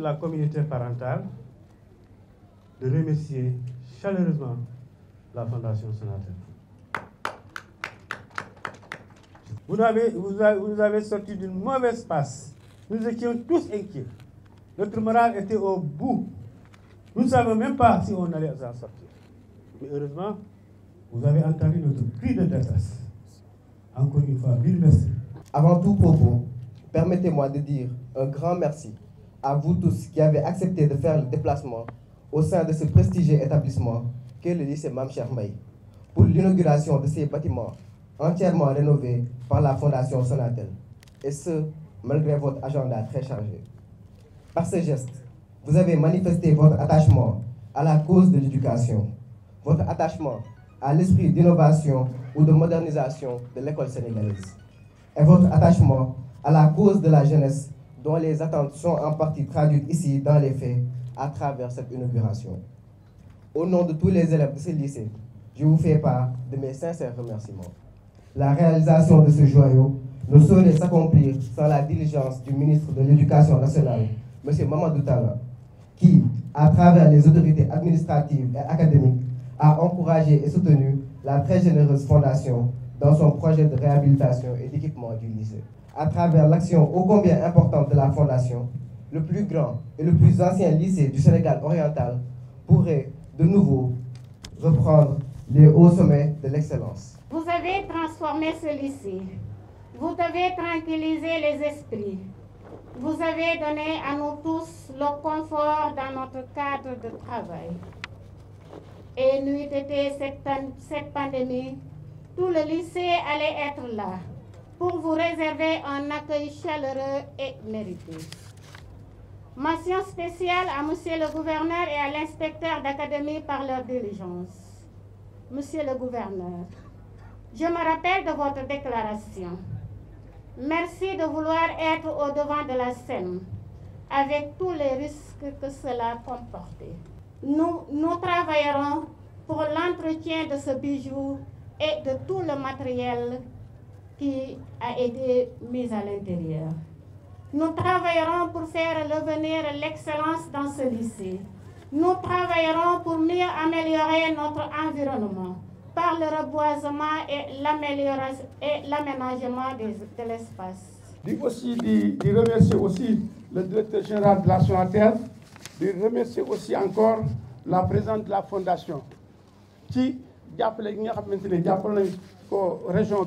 la communauté parentale de remercier chaleureusement la Fondation Sénateur. Vous, avez, avez, sorti d'une mauvaise passe. Nous étions tous inquiets. Notre morale était au bout. Nous ne savions même pas si on allait s'en sortir. Mais heureusement, vous avez entendu notre cri de détresse. Encore une fois, mille merci. Avant tout pour vous, permettez-moi de dire un grand merci à vous tous qui avez accepté de faire le déplacement au sein de ce prestigieux établissement qu'est le lycée Mamcher pour l'inauguration de ces bâtiments entièrement rénovés par la Fondation Sonatel, et ce, malgré votre agenda très chargé. Par ce geste, vous avez manifesté votre attachement à la cause de l'éducation, votre attachement à l'esprit d'innovation ou de modernisation de l'école sénégalaise, et votre attachement à la cause de la jeunesse dont les attentes sont en partie traduites ici dans les faits à travers cette inauguration. Au nom de tous les élèves de ce lycée, je vous fais part de mes sincères remerciements. La réalisation de ce joyau ne saurait s'accomplir sans la diligence du ministre de l'Éducation nationale, M. Mamadou Tala, qui, à travers les autorités administratives et académiques, a encouragé et soutenu la très généreuse fondation dans son projet de réhabilitation et d'équipement du lycée à travers l'action ô combien importante de la Fondation, le plus grand et le plus ancien lycée du Sénégal oriental pourrait de nouveau reprendre les hauts sommets de l'excellence. Vous avez transformé ce lycée. Vous avez tranquillisé les esprits. Vous avez donné à nous tous le confort dans notre cadre de travail. Et nuit d'été, cette pandémie, tout le lycée allait être là, pour vous réserver un accueil chaleureux et mérité. Mention spéciale à Monsieur le Gouverneur et à l'inspecteur d'académie par leur diligence. Monsieur le Gouverneur, je me rappelle de votre déclaration. Merci de vouloir être au devant de la scène, avec tous les risques que cela comporte. Nous, nous travaillerons pour l'entretien de ce bijou et de tout le matériel qui a été mise à l'intérieur. Nous travaillerons pour faire revenir l'excellence dans ce lycée. Nous travaillerons pour mieux améliorer notre environnement par le reboisement et l'aménagement de l'espace. Je aussi remercier aussi le directeur général de la Sonatel, de remercier aussi encore la présidente de la fondation qui a appelé la région.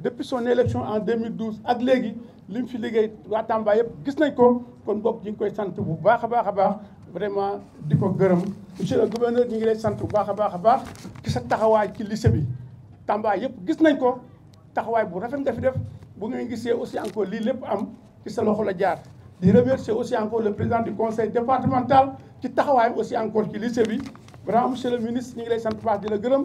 depuis son élection en 2012 ak légui lim fi liggéey wa Tamba yëpp gis nañ ko kon boog ñu koy sant bu baax baax baax vraiment diko ko monsieur le gouverneur ñu ngi lay sant bu baax a baax baax ci sa taxaway ci lycée bi Tamba yëpp gis nañ ko taxaway bu rafet nga fi def bu ngeen gisee aussi encore li lépp am ci sa loxo la jaar di remercier aussi encore le président du conseil départemental ci taxawaay aussi encore ci lycée bi vraiment monsieur le ministre ñu ngi lay sant bu baax di la gërëm